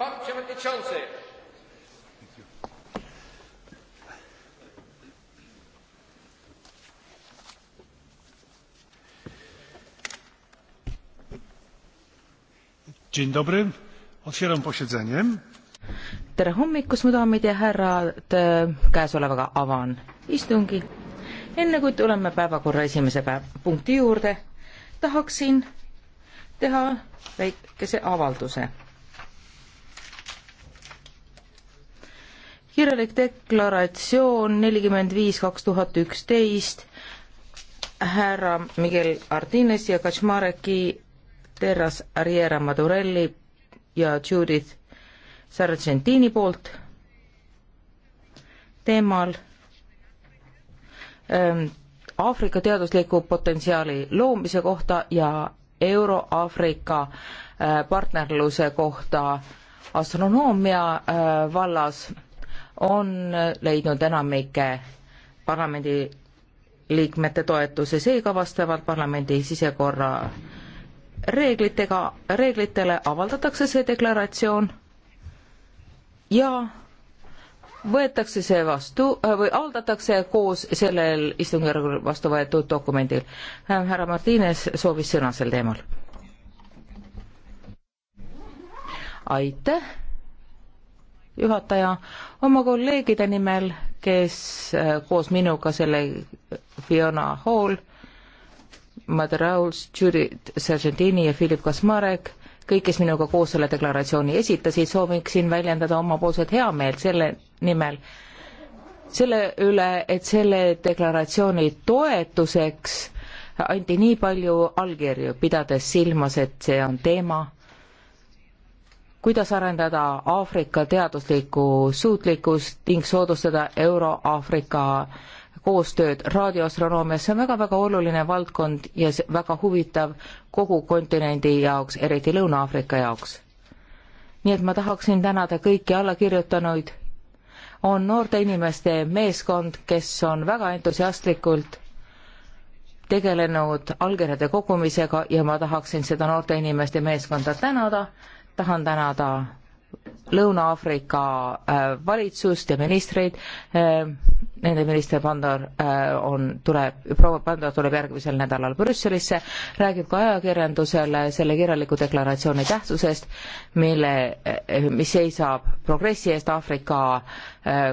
Pan Przewodniczący! Dzień dobry. Otwieram posiedzenie. Tere hommikust, mu daamid ja härrad. Käesolevaga avan istungi. Enne kui tuleme päevakorra esimese päev punkti juurde, tahaksin teha väikese avalduse kirjalik deklaratsioon nelikümmend viis kaks tuhat üksteist härra Miguel Artines ja Kaczmareki Terras Arriera Madurelli ja Judith Sargentini poolt teemal ähm, Aafrika ähm, teadusliku potentsiaali loomise kohta ja Euro-Aafrika äh, partnerluse kohta astronoomia äh, vallas on leidnud enamike parlamendi liikmete toetuse, seega vastavalt parlamendi sisekorra reeglitega, reeglitele avaldatakse see deklaratsioon ja võetakse see vastu või avaldatakse koos sellel istungjärgul vastu võetud dokumendil. härra Martines soovis sõna sel teemal. aitäh juhataja, oma kolleegide nimel, kes äh, koos minuga selle Fiona Hall, Madde Rauls, Judith Sargentini ja Philip Kasmarek, kõik, kes minuga koos selle deklaratsiooni esitasid, sooviksin väljendada omapoolset heameelt selle nimel, selle üle, et selle deklaratsiooni toetuseks anti nii palju allkirju, pidades silmas, et see on teema, kuidas arendada Aafrika teaduslikku suutlikkust ning soodustada Euro-Aafrika koostööd raadioastronoomias, see on väga-väga oluline valdkond ja väga huvitav kogu kontinendi jaoks, eriti Lõuna-Aafrika jaoks. nii et ma tahaksin tänada kõiki allakirjutanuid, on noorte inimeste meeskond, kes on väga entusiastlikult tegelenud allkirjade kogumisega ja ma tahaksin seda noorte inimeste meeskonda tänada tahan tänada Lõuna-Aafrika äh, valitsust ja ministreid. Äh, nende minister Pandor äh, on, tuleb, proua Pandor tuleb järgmisel nädalal Brüsselisse, räägib ka ajakirjandusele selle kirjaliku deklaratsiooni tähtsusest, mille, mis seisab progressi eest Aafrika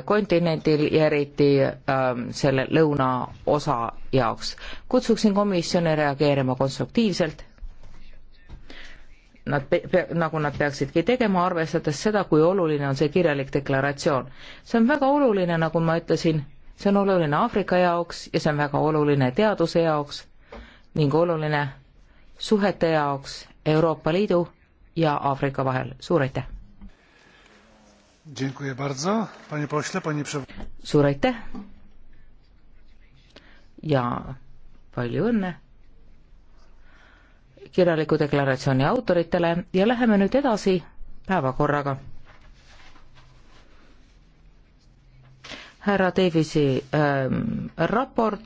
kontinendil ja eriti ähm, selle lõunaosa jaoks. kutsuksin komisjoni reageerima konstruktiivselt nad pe-, nagu nad peaksidki tegema, arvestades seda, kui oluline on see kirjalik deklaratsioon. see on väga oluline, nagu ma ütlesin, see on oluline Aafrika jaoks ja see on väga oluline teaduse jaoks ning oluline suhete jaoks Euroopa Liidu ja Aafrika vahel. suur aitäh! suur aitäh ja palju õnne! kirjaliku deklaratsiooni autoritele ja läheme nüüd edasi päevakorraga. härra Davisi ähm, raport